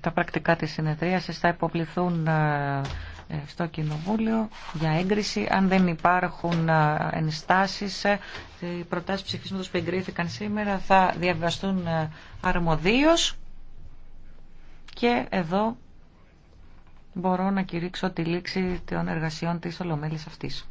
Τα πρακτικά της συνεδρίασης θα υποβληθούν ε, στο Κοινοβούλιο για έγκριση. Αν δεν υπάρχουν ε, ενστάσεις, ε, οι προτάσεις ψηφίσματος που εγκρίθηκαν σήμερα θα διαβαστούν αρμοδίως. Και εδώ μπορώ να κηρύξω τη λήξη των εργασιών της Ολομέλης αυτής.